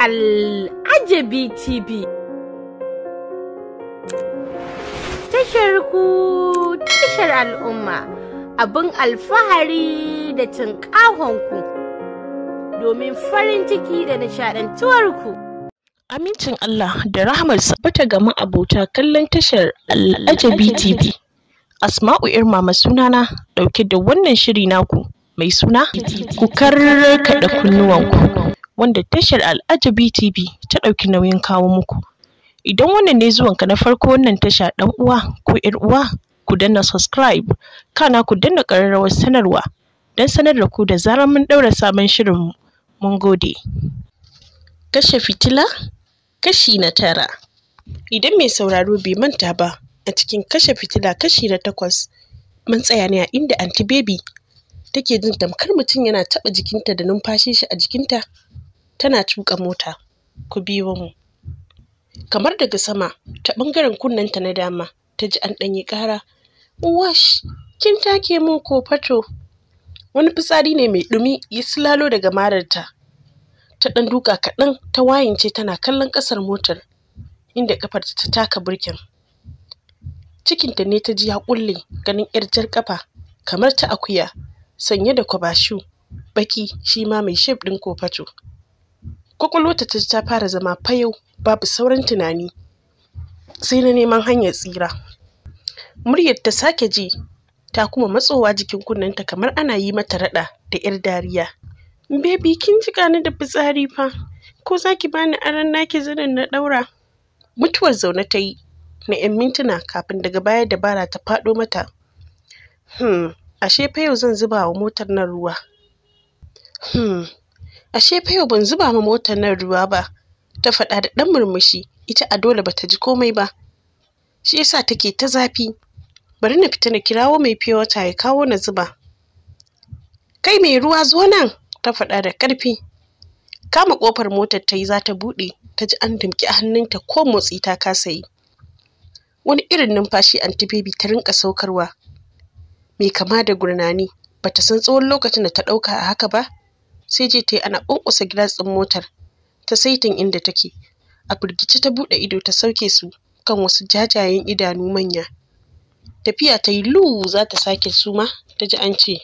Al'ajabi TV. Tashar ku tashar al'umma abin alfahari da ku domin farin ciki da nishaɗantuwarku. Amincin Allah da rahmar bata gama abota kallon tashar Al'ajabi TV. Asma'u ma sunana ɗauke da wannan shiri naku mai suna ku karkaɗa kunnuwanku. wanda tashar Al'ajabi TV ta ɗauki nauyin kawo muku. Idan wannan ne zuwanka na farko wannan tasha ɗan uwa ko ‘yar uwa ku danna subscribe kana ku danna ƙararrawar sanarwa don sanar da ku da zarar mun ɗaura sabon shirinmu. Mun gode. Kashe fitila kashi na tara. Idan mai sauraro bai manta ba a cikin kashe fitila kashi na takwas mun tsaya ne a inda anti baby take jin tamkar mutum yana taɓa jikinta da numfashin shi a jikinta tana tuƙa mota ku biyo mu kamar daga sama ta ɓangaren kunnen ta na dama ta ji an ɗanyi ƙara wash kin take mun ko fato wani fitsari ne mai ɗumi ya silalo daga mararta ta ɗan duka kaɗan ta wayance tana kallon ƙasar motar inda ƙafarta ta taka burkin cikinta ne ta ji ya ƙulle ganin ƴar jar ƙafa, kamar ta akuya sanye da kwabashu baki shi ma mai shef ɗin kofato kwakwalwata ta ta fara zama fayau babu sauran tunani sai na neman hanyar tsira muryar ta sake ji ta kuma matsowa jikin kunnenta kamar ana yi mata raɗa da 'yar dariya bebi kin ji ni da fitsari fa ko za ki bani aron naki zanen na ɗaura mutuwar zaune ta yi na 'yan mintuna kafin daga baya dabara ta faɗo mata hmm ashe fa yau zan zuba wa motar nan ruwa hmm ashe fa yau ban zuba ma motar nan ruwa ba ta faɗa da ɗan murmushi ita a dole bata ji komai ba shi yasa take ta zafi bari na fita na kirawo mai fiyota ya kawo na zuba kai mai ruwa zo nan ta faɗa da ƙarfi kama ƙofar motar ta yi za ta buɗe ta ji an a hannunta ko motsi ta kasa yi wani irin numfashi anti baby ta rinka saukarwa mai kama da gurnani bata san tsawon lokacin da ta ɗauka a haka ba sai je ta yi ana ƙwanƙwasa gilasin motar ta saitin inda take a firgice ta buɗe ido ta sauke su kan wasu jajayen idanu manya tafiya ta yi lu za ta sake suma ta ji an ce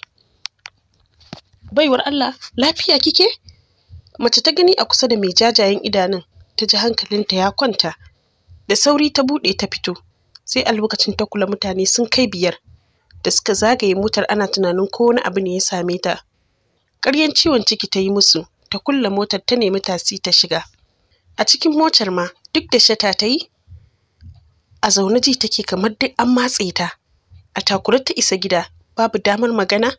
baiwar Allah lafiya kike mace ta gani a kusa da mai jajayen idanun ta ji hankalinta ya kwanta da sauri ta buɗe ta fito sai a lokacin ta kula mutane sun kai biyar da suka zagaye motar ana tunanin ko wani abu ne ya same ta ƙaryan ciwon ciki ta yi musu ta kulla motar ta nemi tasi ta shiga a cikin motar ma duk da shata ta yi a zaune ji take kamar dai an matse ta a takura ta isa gida babu damar magana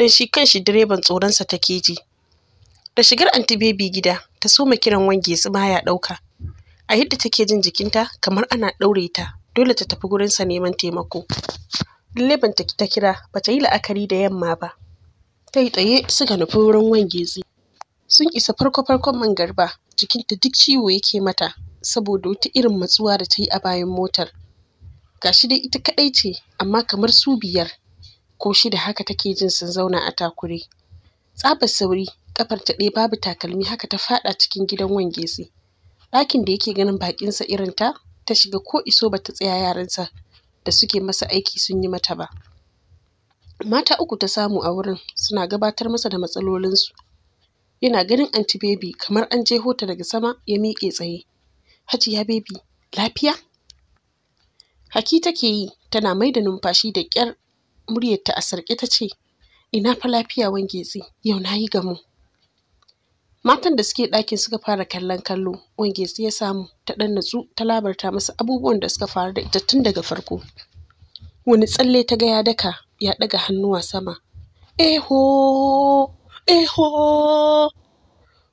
don shi kan shi direban tsoronsa take ji da shigar anti baby gida ta soma kiran wange su baya ɗauka a yadda take jin jikinta kamar ana ɗaure ta dole ta tafi gurinsa neman taimako ban ta kira ta yi la'akari da yamma ba kai tsaye suka nufi wurin wangezi sun isa farko farkon man garba jikinta duk ciwo yake mata saboda wata irin matsuwa da ta yi a bayan motar gashi dai ita kadai ce amma kamar su biyar ko shida haka take jin sun zauna a takure tsabar sauri kafar ta ɗaya babu takalmi haka ta faɗa cikin gidan wangezi ɗakin da yake ganin baƙinsa irin ta ta shiga ko iso bata tsaya yaransa da suke masa aiki sun yi mata ba mata uku ta samu a wurin suna gabatar masa da matsalolinsu yana ganin anti baby kamar an je hota daga sama ya miƙe tsaye hajiya baby lafiya haki take yi tana mai da numfashi da ƙyar muryarta a sarƙe ta ce ina fa lafiya wangetsi yau na yi gamu matan da suke ɗakin suka fara kallon kallo wange tsi ya samu ta ɗan natsu ta labarta masa abubuwan da suka faru da ita tun daga farko wani tsalle ta ga ya daka ya ɗaga hannuwa sama. Eho! Eho!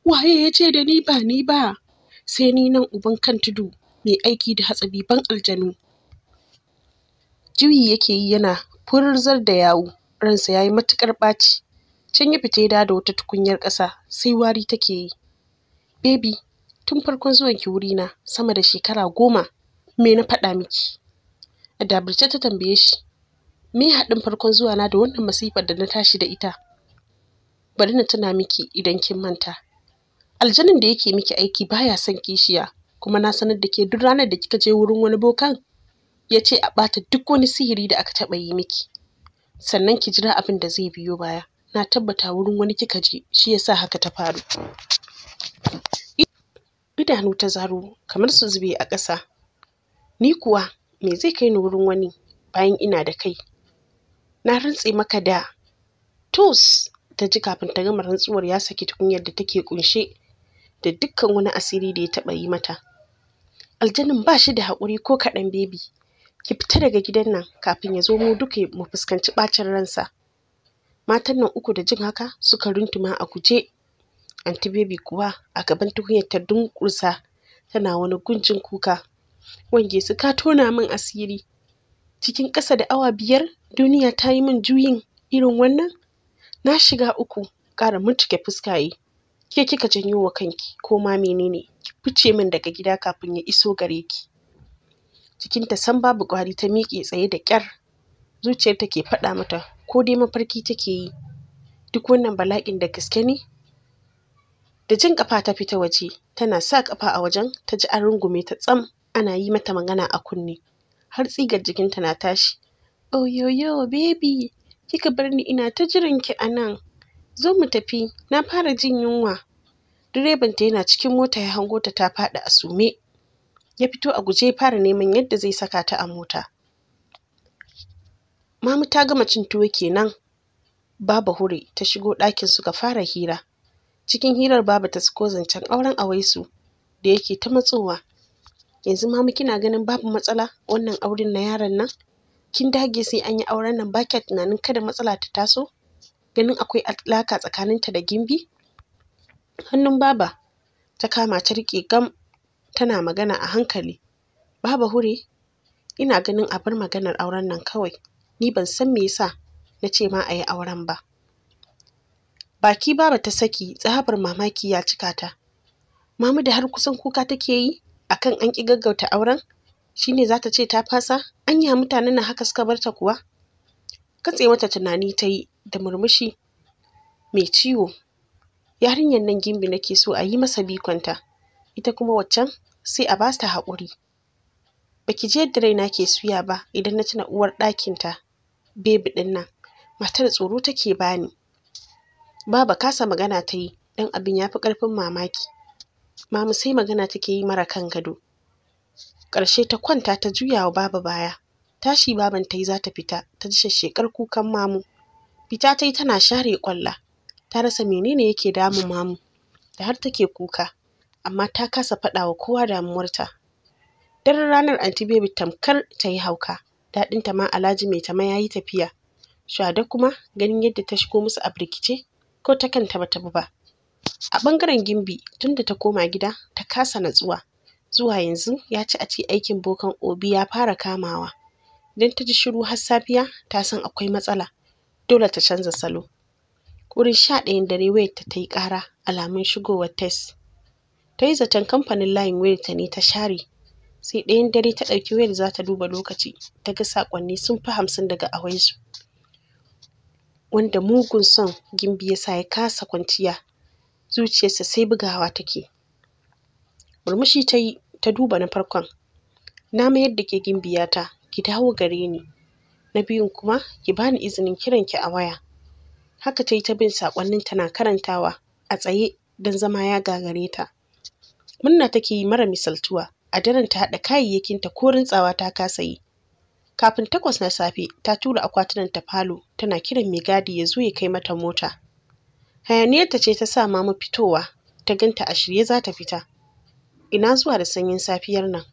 Waye ya ce da ni ba ni ba? Sai ni nan uban kan tudu mai aiki da hatsabi ban aljanu. Juyi yake yi yana furzar da yawo ransa ya yi matuƙar ɓaci. Can ya fita yada da wata tukunyar ƙasa sai wari take yi. Baby, tun farkon zuwan ki wuri na sama da shekara goma, me na faɗa miki? A dabirce ta tambaye shi, me haɗin farkon zuwa na da wannan masifar da na tashi da ita bari na tuna miki idan kin manta aljanin da yake miki aiki baya son kishiya kuma na sanar da ke duk ranar da kika je wurin wani bokan ya ce a ɓata duk wani sihiri da aka taɓa yi miki sannan ki jira abin da zai biyo baya na tabbata wurin wani kika je shi yasa haka ta faru idanu ta zaro kamar su zube a ƙasa ni kuwa me zai kai ni wurin wani bayan ina da kai na rantse maka da tus ta ji kafin ta gama rantsuwar ya saki tukunyar da take kunshe da dukkan wani asiri da ya taba yi mata aljanin ba shi da haƙuri ko kaɗan bebi ki fita daga gidan nan kafin ya zo mu duka mu fuskanci ɓacin ransa matan nan uku da jin haka suka runtuma a guje anti bebi kuwa a gaban tukunyar ta dunƙusa tana wani gunjin kuka wange su ka tona min asiri cikin ƙasa da awa biyar duniya ta yi min juyin irin wannan na shiga uku ƙara mutuke fuskaye ke kika janyo wa kanki ko ma menene ki fice min daga gida kafin ya iso gare ki jikinta sam babu ƙwari ta miƙe tsaye da ƙyar ta ke faɗa mata ko dai mafarki take yi duk wannan bala'in da gaske ne da jin ƙafa ta fita waje tana sa ƙafa a wajen ta ji an rungume ta tsam ana yi mata magana a kunne har tsigar jikinta na tashi oyoyo oh, baby kika barni ina ta jiranki a nan zo mu tafi na fara jin yunwa direbanta yana cikin mota ya hango ta ta faɗi a sume ya fito a guje ya fara neman yadda zai saka ta a mota mamu ta gama cin tuwo kenan Babu hure ta shigo ɗakin suka fara hira cikin hirar babu ta siko zancen auren awaisu da yake ta matsowa yanzu mamu kina ganin babu matsala wannan auren na yaron nan kin dage sai an yi auren nan ba kya tunanin kada matsala ta taso ganin akwai alaka tsakaninta da gimbi hannun baba ta kama ta riƙe gam tana magana a hankali baba hure ina ganin a bar maganar auren nan kawai ni ban san me yasa na ce ma a yi auren ba baki baba ta saki tsabar mamaki ya cika ta mamu da har kusan kuka take yi akan an ƙi gaggauta auren Shi ne za ta ce ta fasa anya mutanen na haka suka barta kuwa katse mata tunani ta yi da murmushi mai ciwo yarinyar nan gimbi nake so a yi masa bikonta ita kuma waccan sai a ba ta haƙuri baki je yadda raina ke suya ba idan na tuna uwar ɗakinta bebi ɗin nan matar tsoro take bani baba kasa magana ta yi don abin ya fi ƙarfin mamaki mamu sai magana take yi mara kan gado ƙarshe ta kwanta ta juya wa baba baya tashi baban ta yi za ta fita ta ji shekar kukan mamu fita ta yi tana share kwalla ta rasa menene yake damun mamu da har take kuka amma ta kasa faɗa wa kowa damuwarta daren ranar anti baby tamkar ta yi hauka daɗinta ma alhaji mai tama ya yi tafiya shada kuma ganin yadda ta shigo musu a birkice ko ta kanta bata bi ba a ɓangaren gimbi tunda ta koma gida ta kasa natsuwa zuwa yanzu ya ci a ce aikin bokan Obi ya fara kamawa. Idan ta ji shiru har safiya ta san akwai matsala, dole ta canza salo. Wurin sha ɗayan dare wayar ta ta yi ƙara alamun shigowar tes. Ta yi zaton kamfanin layin wayar ta ne ta share. Sai ɗayan dare ta ɗauki wayar za ta duba lokaci, ta ga saƙonni sun fi hamsin daga awaisu. Wanda mugun son gimbi ya sa ya kasa kwanciya, zuciyarsa sai bugawa take. Murmushi ta yi ta duba na farkon na mayar da ke gimbiya ta. ki dawo gare ni na biyun kuma ki bani izinin kiran ki a waya haka ta ta bin saƙonnin tana karantawa a tsaye dan zama ya gagare ta murna take yi mara misaltuwa a daren ta haɗa ta ko rintsawa ta kasa yi kafin takwas na safe ta tura akwatunan ta falo tana kiran mai gadi ya zo ya kai mata mota hayaniyarta ce ta sa mamu fitowa ta ganta a shirye za ta fita ina zuwa da sanyin safiyar nan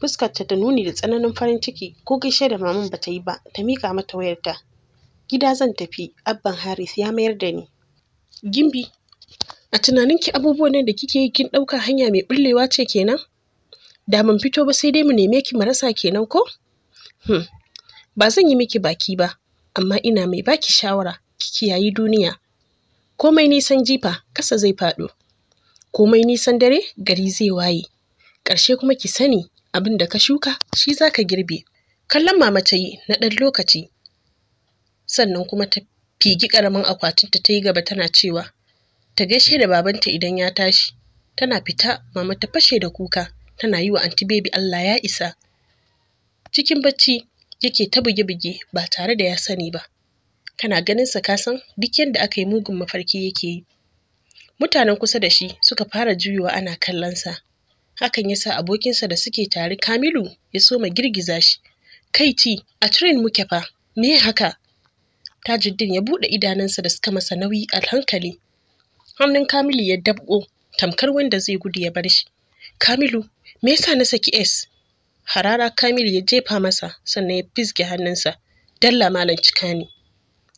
fuskarta ta nuni da tsananin farin ciki ko gaishe da maman bata yi ba ta mika mata wayarta gida zan tafi abban haris ya mayar da ni gimbi a tunanin ki abubuwan nan da kike yi kin ɗauka hanya mai bullewa ce kenan da mun fito ba sai dai mu neme ki marasa kenan ko hmm. ba zan yi miki baki ba amma ina mai baki shawara ki kiyayi duniya komai nisan jifa kasa zai faɗo komai nisan dare gari zai waye ƙarshe kuma ki sani abin da ka shuka shi za ka girbe kallon mama ta yi na ɗan lokaci sannan kuma ta figi ƙaramin akwatinta ta yi gaba tana cewa ta gaishe da babanta idan ya tashi tana fita mama ta fashe da kuka tana yi wa anti baby Allah ya isa cikin bacci yake ta buge-buge ba tare da ya sani ba kana ganin sa kasan duk yadda aka yi mugun mafarki yake yi mutanen kusa da shi suka fara juyowa ana kallonsa hakan ya sa abokinsa da suke tare kamilu ya soma girgiza shi kai ti a train muke fa me haka tajuddin ya buɗe idanunsa da suka masa nauyi a hankali hannun kamilu ya dabko tamkar wanda zai gudu ya bar shi kamilu me yasa na saki s harara kamilu ya jefa masa sannan ya fisge hannunsa dalla malam cika ne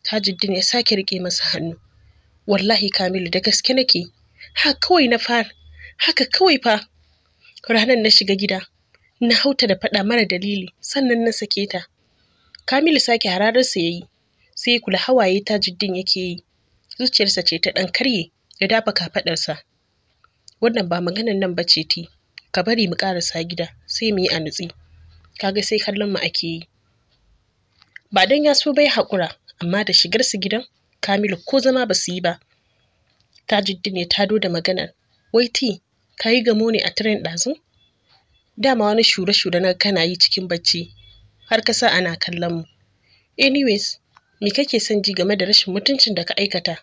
tajuddin ya sake rike masa hannu wallahi kamilu da gaske nake ha kawai na fara haka kawai fa ranar na shiga gida na hauta da faɗa mara dalili sannan na sake ta kamilu sake hararsa ya yi sai kula hawaye ta jiddin yake yi zuciyarsa ce ta ɗan karye ya dafa kafaɗarsa wannan ba maganan nan ba ce ti ka bari mu ƙarasa gida sai mu yi a nutsi kaga sai kallon mu ake yi ba don ya so bai haƙura amma da shigarsu gidan Kamilu ko zama ba su yi ba. jiddi ne ta da maganar. Wai ti, ka yi gamo ne a tiren ɗazu? Dama wani shure-shure na kana yi cikin bacci, har ka sa ana kallon mu. Anyways, me kake son ji game da rashin mutuncin da ka aikata?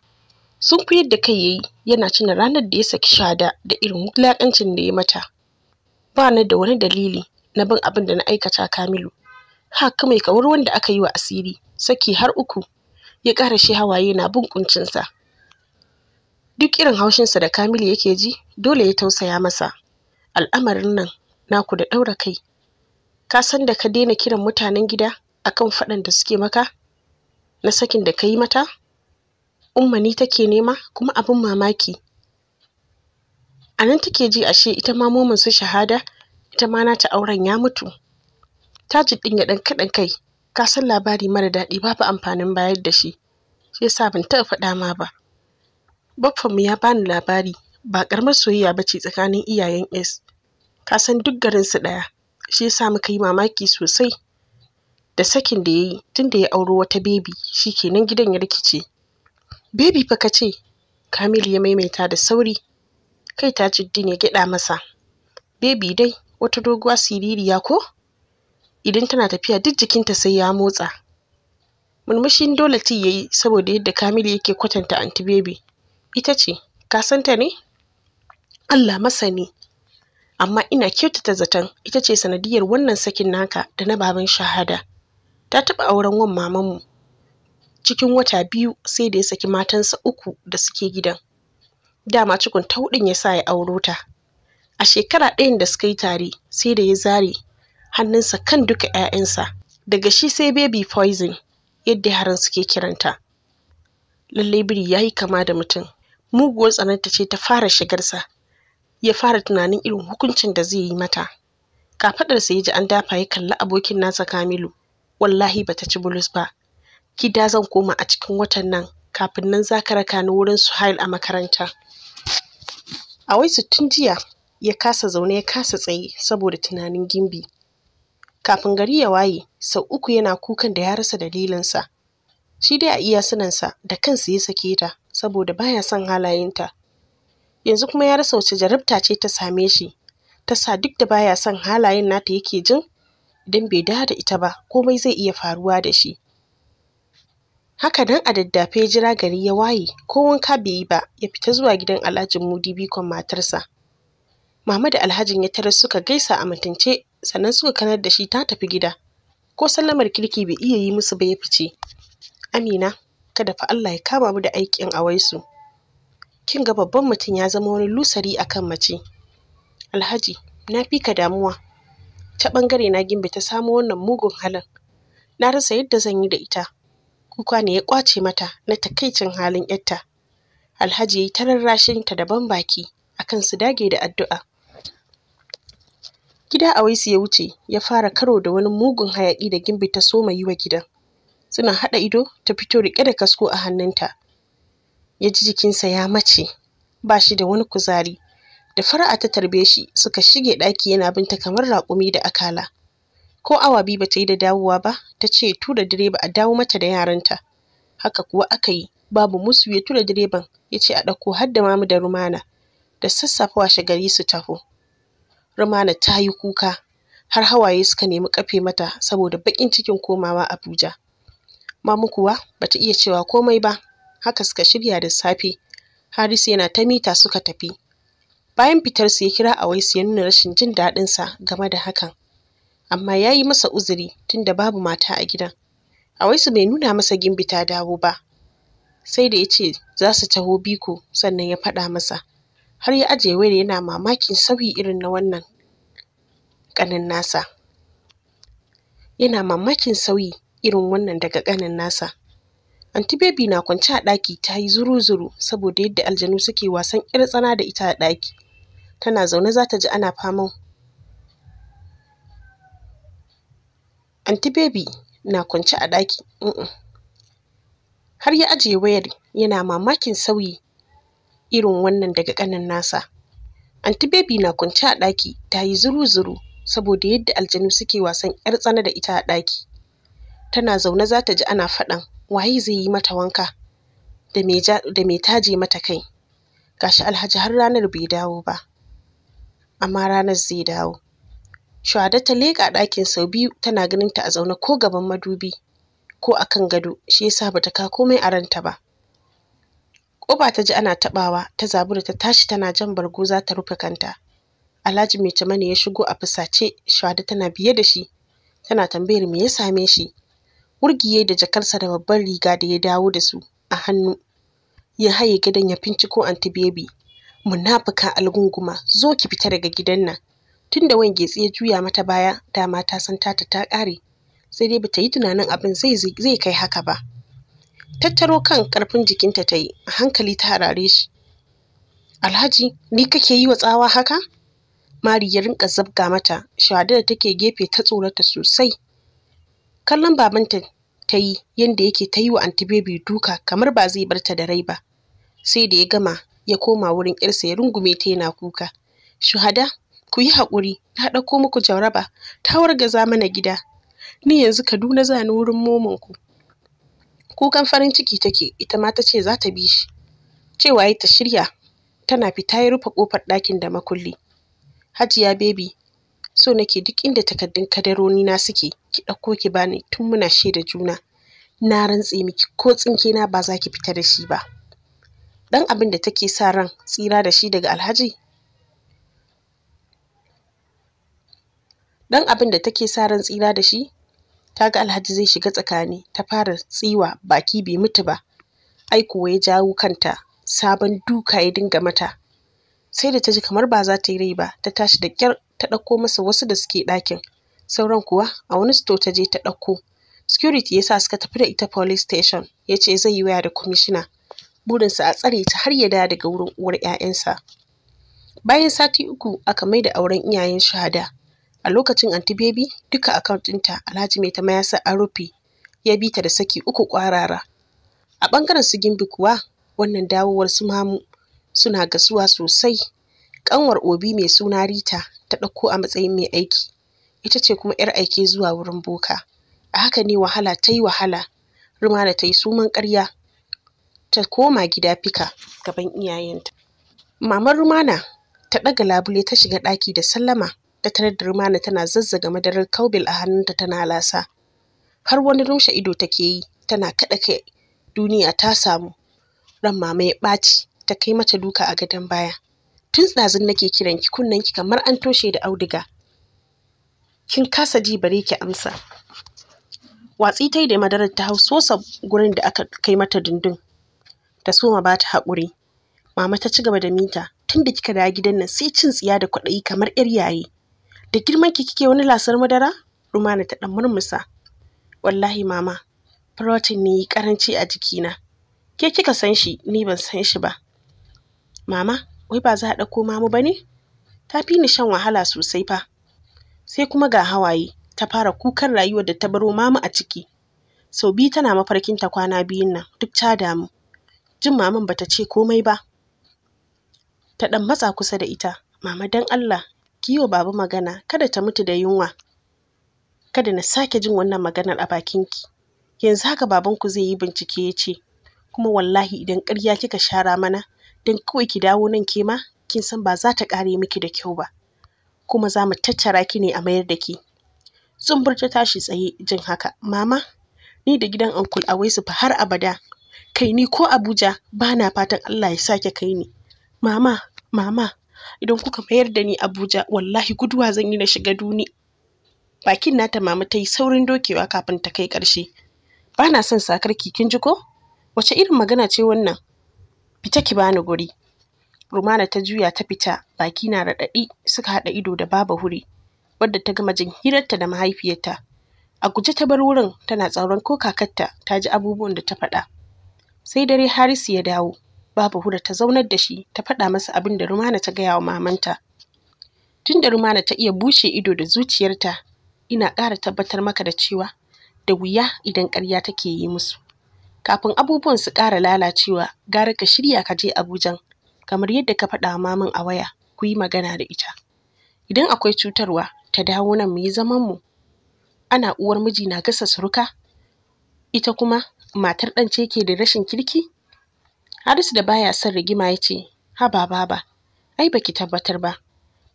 Sun fi yadda kai yayi yana cina ranar da ya saki shada da irin wulaƙancin da ya mata. Ba ni da wani dalili na bin abin da na aikata Kamilu. Haka mai kawar wanda aka yi wa asiri, saki har uku. ya ƙara shi hawaye na bin kuncinsa duk irin haushinsa da kamilu yake ji dole ya tausaya masa al'amarin nan naku da ɗaura kai ka san da ka daina kiran mutanen gida akan faɗan da suke maka na sakin da ka yi mata ummani take nema kuma abin mamaki a nan take ji ashe ita ma momin su shahada ita ma nata auren ya mutu ji ɗin ya ɗan kaɗan kai ka san labari mara daɗi babu amfanin bayar da shi shi yasa ban taɓa faɗa ma ba mu ya bani labari ba ƙaramar soyayya ba ce tsakanin iyayen s ka san duk garinsu ɗaya shi yasa muka yi mamaki sosai da sakin da ya yi tun da ya auro wata bebi shi kenan gidan ya rikice bebi fa ka ce kamilu ya maimaita da sauri kai ta tajuddin ya gyaɗa masa bebi dai wata doguwa siririya ko idan tana tafiya duk jikinta sai ya motsa murmushin dole ti yayi saboda yadda kamilu yake kwatanta anti baby ita ce ka san ta ne allah masani amma ina kyautata zaton ita ce sanadiyar wannan sakin naka da na baban shahada ta taɓa auren wan maman mu cikin wata biyu sai da ya saki matansa uku da suke gidan dama cikon taudin ya sa ya auro ta a shekara ɗayan da suka yi tare sai da ya zare hannunsa kan duka 'ya'yansa daga shi sai baby poison yadda yaran suke kiranta lallai biri ya yi kama da mutum muguwar tsananta ce ta fara shigarsa ya fara tunanin irin hukuncin da zai yi mata kafadarsa ya ji an dafa ya kalli abokin nasa kamilu wallahi ba ta ci bulus ba gida zan koma a cikin watan nan kafin nan za ka raka ni wurin suhail a makaranta a waisu tun jiya ya kasa zaune ya kasa tsaye saboda tunanin gimbi kafin gari ya waye sau uku yana kukan da ya rasa dalilinsa shi dai a iya sunansa da kansa ya sake ta saboda baya son halayenta yanzu kuma ya rasa wace jarabta ce ta same shi ta sa duk da baya son halayen nata yake jin idan bai dawo da ita ba komai zai iya faruwa da shi haka nan a daddafe jira gari ya waye ko wanka bai yi ba ya fita zuwa gidan alhajin mudi bikon matarsa mama da alhajin ya tarar suka gaisa a mutunce sannan suka kanar da shi ta tafi gida ko sallamar kirki bai iya yi musu ba ya fice amina kada fa Allah ya kama mu da aikin a awaisu kin ga babban mutum ya zama wani lusari akan mace alhaji na fi ka damuwa ta ɓangare na gimbe ta samo wannan mugun halin na rasa yadda zan yi da ita kuka ne ya kwace mata na takaicin halin yatta alhaji ya yi ta rarrashin ta da ban baki akan su dage da addu'a Gida Awaisu ya wuce ya fara karo da wani mugun hayaƙi da Gimbi ta soma yi wa gidan. Suna haɗa ido ta fito rike da kasko a hannunta. Ya ji jikinsa ya mace, ba shi da wani kuzari. Da fara'a ta tarbe shi suka shige ɗaki yana binta kamar raƙumi da akala. Ko awa biyu ba ta yi da dawowa ba, ta ce tura direba a dawo mata da yaranta. Haka kuwa aka yi, babu musu ya tura direban ya ce a ɗauko har da mamu da rumana. Da sassafe washe gari su taho. Rumana ta yi kuka har hawaye suka nemi ƙafe mata saboda baƙin cikin komawa Abuja. Mamu kuwa ba ta iya cewa komai ba, haka suka shirya da safe. Harisu yana ta mita suka tafi. Bayan fitar su ya kira Awaisu ya nuna rashin jin daɗinsa game da hakan. Amma ya yi masa uzuri tunda babu mata a gidan. Awaisu bai nuna masa Gimbi ta dawo ba, sai da ya ce za su taho biko sannan ya faɗa masa. har ya ajiye wayar yana mamakin sauyi irin na wannan ƙanin nasa yana mamakin sauyi irin wannan daga ƙanin nasa anti baby na kwance a ɗaki ta yi zuru-zuru saboda yadda aljanu suke wasan ƴar tsana da ita a ɗaki tana zaune za ta ji ana faman anti baby na kwance a ɗaki har ya ajiye wayar yana mamakin sauyi irin wannan daga ƙanin nasa anti baby na kunci a ɗaki ta yi zuru-zuru saboda yadda aljanu suke wasan yar tsana da ita a ɗaki tana zaune za ta ji ana faɗan waye zai yi mata wanka da mai taje mata kai gashi alhaji har ranar bai dawo ba amma ranar zai dawo shuhada ta leƙa ɗakin sau biyu tana ganin ta a zaune ko gaban madubi ko a kan gado shi yasa bata kawo komai a ranta ba Ƙoba ta ji ana taɓawa ta zabura ta tashi tana jan bargo za ta rufe kanta. Alhaji Mai ne ya shigo a fusace, Shwada tana biye da shi, tana tambayar me ya same shi. Wurgiye da jakarsa da babban riga da ya dawo da su a hannu. Ya haye gidan ya finci ko anti baby. Munafuka algunguma, zo ki fita daga gidan nan. Tunda wange ya juya mata baya, dama ta san tata ta ƙare. Sai dai bata yi tunanin abin zai kai haka ba. tattaro kan karfin jikinta ta yi a hankali ta harare shi alhaji ni kake yi wa tsawa haka mari ya rinka zabga mata shahada da take gefe ta tsorata sosai kallon babanta ta yi yadda yake ta yi wa anti duka kamar ba zai barta da rai ba sai da ya gama ya koma wurin yarsa ya rungume ta yana kuka Shahada, ku yi haƙuri na ɗauko muku jaraba ta wargaza mana gida ni yanzu kaduna za ni wurin momonku. kukan farin ciki take ita ma ta ce za ta bi shi cewa ta shirya tana fita ya rufe kofar ɗakin da makulli hajiya bebi so nake duk inda takardun kadaroni na suke ki ɗauko ki bani tun muna shaida juna na rantse miki ko tsinke na ba za ki fita da shi ba dan abin da take sa ran tsira da shi daga alhaji dan abin da take sa ran tsira da shi ta ga alhaji zai shiga tsakani ta fara tsiwa baki bai mutu ba ai kuwa ya jawo kanta sabon duka ya dinga mata sai da ta ji kamar ba za ta yi rai ba ta tashi da kyar ta ɗauko masa wasu da suke ɗakin sauran kuwa a wani sto ta je ta ɗauko security ya sa suka tafi da ita police station ya ce zai yi waya da kwamishina burinsa a tsare ta har ya dawo daga wurin uwar 'ya'yansa bayan sati uku aka mai da auren iyayen shahada a lokacin anti baby duka account ɗinta alhaji mai ta mayasa sa rufe ya bi ta da saki uku kwarara a ɓangaren su gimbi kuwa wannan dawowar su mamu suna gasuwa sosai kanwar obi mai suna rita ta ɗauko a matsayin mai aiki ita ce kuma 'yar aike zuwa wurin boka a haka ne wahala ta yi wahala Rumana ta yi suman ƙarya ta koma gida fika gaban iyayenta Maman rumana ta ɗaga labule ta shiga ɗaki da sallama ta tarar da rumana tana zazzaga madarar kaubil a hannunta tana lasa har wani rushe ido take yi tana kaɗa kai duniya ta samu ran mama ya ɓaci ta kai mata duka a gadon baya tun tsazin nake kiran ki kunnen ki kamar an toshe da auduga kin kasa ji bare ki amsa watsi ta yi da madarar ta hau sosa gurin da aka kai mata dundun ta soma ba ta haƙuri mama ta ci gaba da mita tun da kika dawo gidan nan sai cin tsiya da kwaɗayi kamar 'yar yaye da girman ki kike wani lasar madara rumana ta dan murmusa wallahi mama protein ne karanci a jikina ke kika san shi ni ban san shi ba mama wai ba za a dauko mamu ba ta fi ni shan wahala sosai fa sai kuma ga hawaye ta fara kukan rayuwar da ta baro mamu a ciki sau biyu tana mafarkin ta kwana biyun nan duk ta damu jin maman bata ce komai ba ta ɗan matsa kusa da ita mama dan Allah ki wa babu magana kada ta mutu da yunwa kada na sake jin wannan maganar a bakinki yanzu haka babanku zai yi bincike ya ce kuma wallahi idan ƙarya kika shara mana don kawai ki dawo nan ke ma kin san ba za ta ƙare miki da kyau ba kuma za mu tattara ki ne a mayar da ki zumbur ta tashi tsaye jin haka mama ni da gidan ankul a waisu fa har abada kai ni ko abuja ba na fatan allah ya sake kai ni mama mama idan kuka mayar da ni Abuja wallahi guduwa zan yi na shiga duni. Bakin nata mama ta yi saurin dokewa kafin ta kai ƙarshe. Ba na son sakarki kin ji ko? Wace irin magana ce wannan? Fita ki bani guri. Rumana ta juya ta fita baki na raɗaɗi suka haɗa ido da baba huri wadda ta gama jin hirarta da mahaifiyarta. A guje ta bar wurin tana tsaron ko kakarta ta ji abubuwan da ta faɗa. Sai dare Harisu ya dawo babu hura ta zaunar da shi ta faɗa masa abin da rumana ta gaya wa mamanta tun da rumana ta iya bushe ido da zuciyarta ina ƙara tabbatar maka da cewa da wuya idan ƙarya take yi musu kafin abubuwan su ƙara lalacewa gara ka shirya ka je Abuja, kamar yadda ka faɗa wa mamin a waya ku yi magana da ita idan akwai cutarwa ta dawo nan mu yi zaman mu ana uwar miji na gasa suruka ita kuma matar ɗan ce ke da rashin kirki Harisu da baya son rigima ya ce, Haba baba, ai baki tabbatar ba,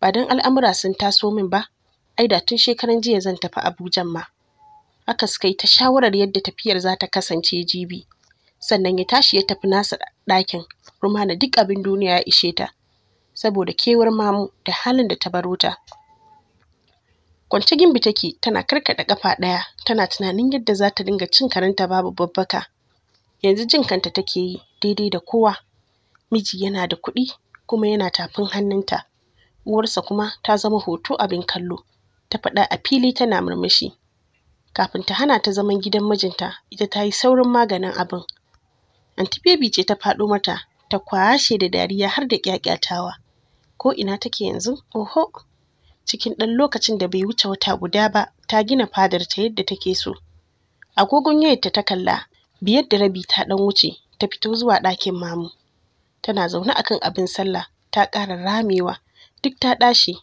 ba don al'amura sun taso min ba, ai da tun shekaran jiya zan tafi Abuja ma. Haka suka yi ta shawarar yadda tafiyar za ta kasance jibi. Sannan ya tashi ya tafi nasa ɗakin, rumana duk abin duniya ya ishe ta, saboda kewar mamu da halin da ta baro ta. Kwance gimbi take tana karkaɗa ƙafa ɗaya, tana tunanin yadda za ta dinga cin karanta babu babbaka. Yanzu jin kanta take yi, daidai da kowa miji yana da kuɗi kuma yana tafin hannunta uwarsa kuma ta zama hoto abin kallo ta faɗa a fili tana murmushi kafin ta hana ta zaman gidan mijinta ita ta yi saurin maganin abin anti baby ce ta faɗo mata ta kwashe da dariya har da ƙyaƙyatawa ko ina take yanzu oho cikin ɗan lokacin da bai wuce wata guda ba ta gina fadar ta yadda take so agogon yayarta ta kalla biyar da rabi ta ɗan wuce ta fito zuwa ɗakin mamu tana zaune akan abin sallah ta ƙara ramewa duk ta ɗashi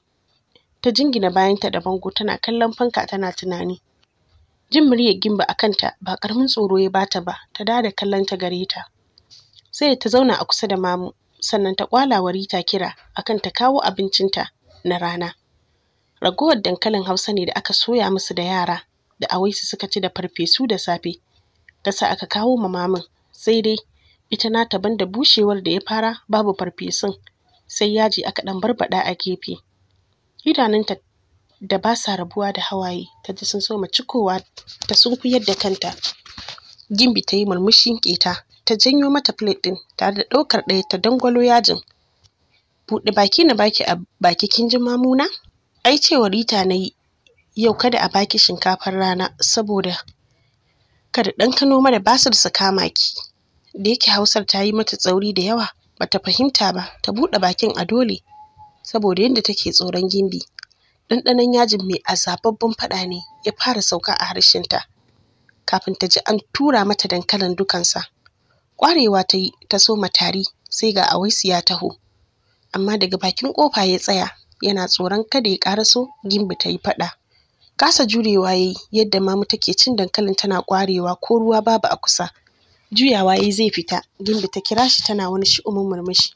ta jingina bayanta da bango tana kallon fanka tana tunani jin muryar gimba a kanta ba ƙaramin tsoro ya bata ba ta da kallon ta gare ta sai ta zauna a kusa da mamu sannan ta kwala wa Rita kira akan ta kawo abincinta na rana. Ragowar dankalin Hausa ne da aka soya musu da yara da awaisu suka ci da farfesu da safe, ta sa aka kawo ma mamin. sai dai ita nata banda bushewar da ya fara babu farfesun sai yaji aka ɗan barbaɗa a gefe idanunta da ba sa rabuwa da hawaye ta ji sun soma cikowa ta sunkuyar da kanta gimbi ta yi murmushin keta ta janyo mata plate ɗin tare da ɗaukar ɗaya ta dangwalo yajin buɗe baki na baki a baki kin ji mamuna ai cewa rita na yi yau kada a baki shinkafar rana saboda kada ɗan kano mara basir su kama ki da yake hausar ta yi mata tsauri da yawa bata fahimta ba ta buɗe bakin a dole saboda yadda take tsoron gimbi ɗanɗanon yajin mai azababban faɗa ne ya fara sauka a harshenta kafin ta ji an tura mata dankalin dukansa ƙwarewa ta yi ta soma tari sai ga awaisu ya taho amma daga bakin ƙofa ya tsaya yana tsoron kada ya ƙaraso gimbi ta yi faɗa kasa jurewa ya yi yadda mamu take cin dankalin tana ƙwarewa ko ruwa babu a kusa juyawa ya zai fita gimbi ta kira shi tana wani shi'umin murmushi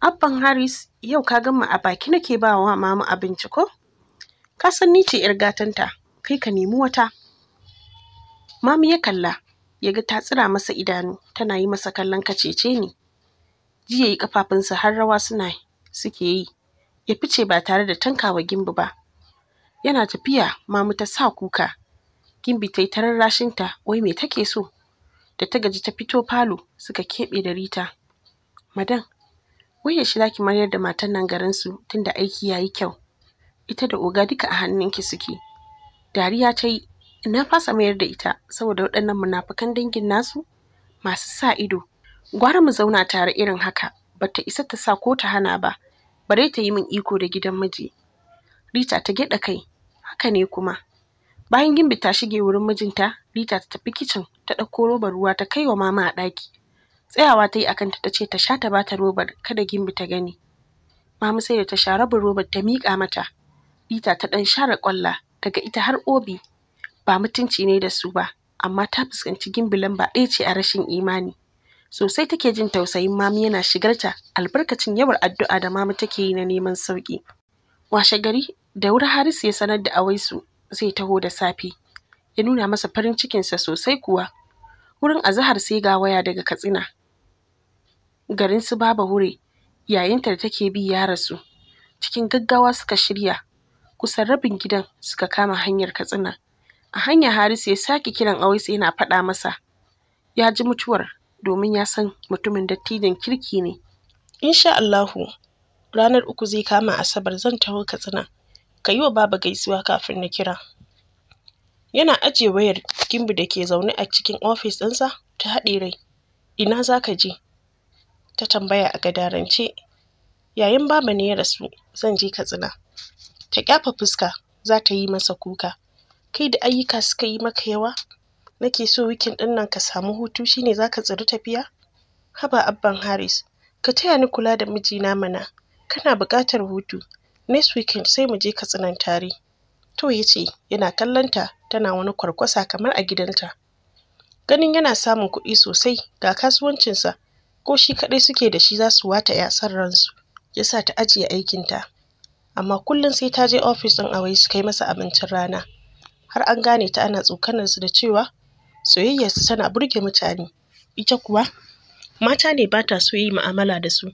abban Harris yau ka gama a baki nake ba wa mama abinci ko ka san ni ce yar kai ka nemi wata mami ya kalla ya ga ta tsira masa idanu tana yi masa kallon kacece ne jiya yi kafafunsa har rawa suna suke yi ya fice ba tare da tankawa gimbi ba yana tafiya mamu ta sa kuka gimbi ta yi tararrashinta wai me take so da ta gaji ta fito falo suka keɓe da Rita. Madan, wai ya shi ki mayar da matan nan garinsu tunda aiki ya yi kyau. Ita da oga duka a hannunki suke. Dariya ta yi, na fasa mayar da ita saboda waɗannan munafukan dangin nasu masu sa ido. Gwara mu zauna tare irin haka, ba ta isa ta sa ko ta hana ba, bare ta yi min iko da gidan miji. Rita ta gyaɗa kai, haka ne kuma. Bayan Gimbi ta shige wurin mijinta, Rita ta tafi kicin ta ɗauko robar ruwa ta kai wa mama a ɗaki. Tsayawa ta yi a kanta ta ce ta sha ta bata robar kada Gimbi ta gani. Mama sai da ta sha rabin robar ta miƙa mata. Rita ta ɗan share ƙwalla daga ita har obi. Ba mutunci ne da su ba, amma ta fuskanci Gimbi lamba ɗaya ce a rashin imani. Sosai take jin tausayin mami yana shigar ta albarkacin yawar addu'a da mama take yi na neman sauƙi. Washe gari da wuri Harisu ya sanar da awaisu zai taho da safe ya nuna masa farin cikinsa sosai kuwa wurin azahar sai ga waya daga katsina garin su baba hure yayinta da take bi ya rasu cikin gaggawa suka shirya kusan rabin gidan suka kama hanyar katsina a hanya harisu ya sake kiran awaisu yana faɗa masa ya ji mutuwar domin ya san mutumin dattijan kirki ne insha Allahu ranar uku zai kama asabar zan taho katsina ka yi wa baba gaisuwa kafin na kira yana ajiye wayar gimbi da ke zaune a cikin ofis ɗinsa ta haɗe rai ina za ka je ta tambaya a gadarance yayin baba ne ya rasu zan je katsina ta kyafa fuska za ta yi masa kuka kai da ayyuka suka yi maka yawa nake so wikin ɗin nan ka samu hutu shine za ka tsiri tafiya haba abban haris ka taya ni kula da mijina mana kana buƙatar hutu next weekend sai mu je katsinan tare to ya ce yana kallonta tana wani kwarkwasa kamar a gidanta ganin yana samun kuɗi sosai ga kasuwancinsa ko shi kaɗai suke da shi za su wata yasar ransu ya sa ta ajiye aikinta amma kullum sai ta je ofis ɗin a su kai masa abincin rana har an gane ta ana tsokanarsu da cewa soyayyarsu tana burge mutane ita kuwa mata ne ba ta so yi mu'amala da su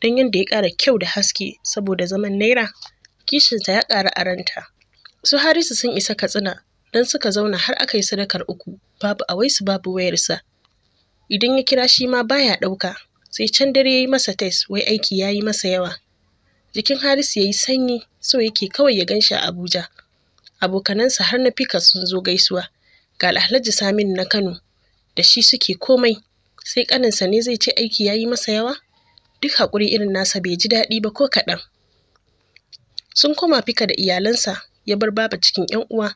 don yadda ya ƙara kyau da haske saboda zaman naira kishinta ya ƙara aranta su harisu sun isa katsina don suka zauna har aka yi sadakar uku babu a waisu babu wayarsa idan ya kira shi ma baya ɗauka sai can dare ya yi masa tes wai aiki ya yi masa yawa jikin harisu ya yi sanyi so yake kawai ya gan a abuja abokanansa har na fika sun zo gaisuwa ga alhaji saminu na kano da shi suke komai sai ƙaninsa ne zai ce aiki ya yi masa yawa duk haƙuri irin nasa bai ji daɗi ba ko kaɗan sun koma fika da iyalansa ya bar baba cikin yan uwa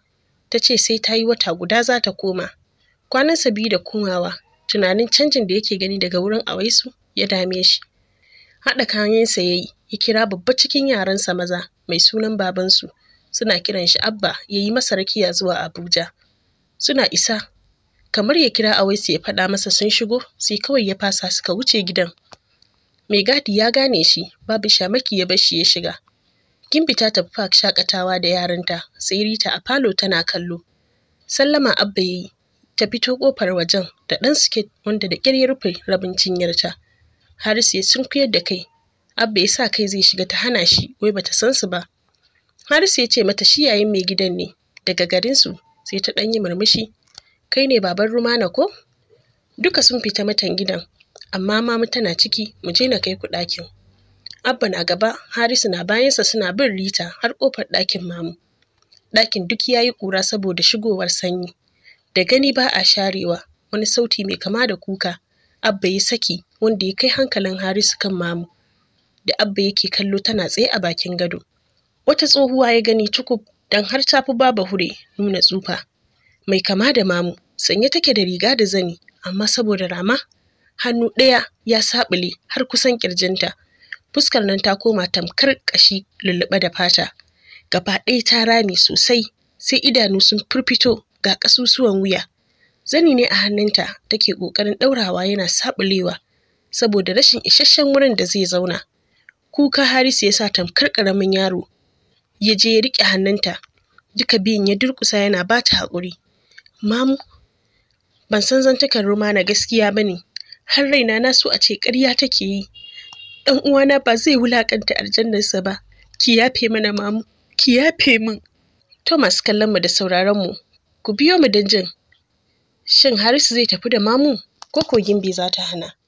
ta ce sai ta yi wata guda za ta koma kwanansa biyu da komawa tunanin canjin da yake gani daga wurin awaisu ya dame shi haɗa kayansa ya yi ya kira babba cikin yaransa maza mai sunan babansu suna kiran shi abba ya yi masa rakiya zuwa abuja suna isa kamar ya kira awaisu ya faɗa masa sun shigo sai kawai ya fasa suka wuce gidan Mai gadi ya gane shi, babu shamaki ya bashi ya shiga. Gimbi ta tafi Park shakatawa da yaranta, sai Rita a falo tana kallo. Sallama Abba ya yi, ta fito kofar wajen da ɗan siket wanda da ƙyar rufe rabin cinyarta. sai ya sunkuyar da kai, Abba ya sa kai zai shiga ta hana shi, wai bata san su ba. Harisu ya ce mata shi yayin mai gidan ne, daga garin su sai ta ɗan yi murmushi. Kai ne baban Rumana ko? Duka sun fita matan gidan, amma mamu tana ciki mu je na kai ku ɗakin abba na gaba harisu na bayansa suna bin rita har ƙofar ɗakin mamu ɗakin duk ya yi ƙura saboda shigowar sanyi da gani ba a sharewa wani sauti mai kama da kuka abba ya saki wanda ya kai hankalin harisu kan mamu da abba yake kallo tana tsaye a bakin gado wata tsohuwa ya gani cukub don har ta fi baba hure nuna tsufa mai kama da mamu sanye take da riga da zani amma saboda rama hannu ɗaya ya saɓule har kusan ƙirjinta fuskar nan ta koma tamkar ƙashi lulluɓe da fata gaba ɗaya ta rame sosai sai idanu sun firfito ga ƙasusuwan wuya zani ne a hannunta take ƙoƙarin ɗaurawa yana saɓulewa saboda rashin isasshen wurin da zai zauna kuka harisu ya sa tamkar ƙaramin yaro ya je ya riƙe hannunta duka biyun ya durƙusa yana ba ta haƙuri mamu ban san zantakan rumana gaskiya ba ne har raina na so a ce ƙarya take yi ɗan uwana ba zai wulaƙanta aljannarsa ba ki yafe mana mamu ki yafe min thomas kallon mu da sauraron mu ku biyo mu don jin shin Harisu zai tafi da mamu ko kogin bai za ta hana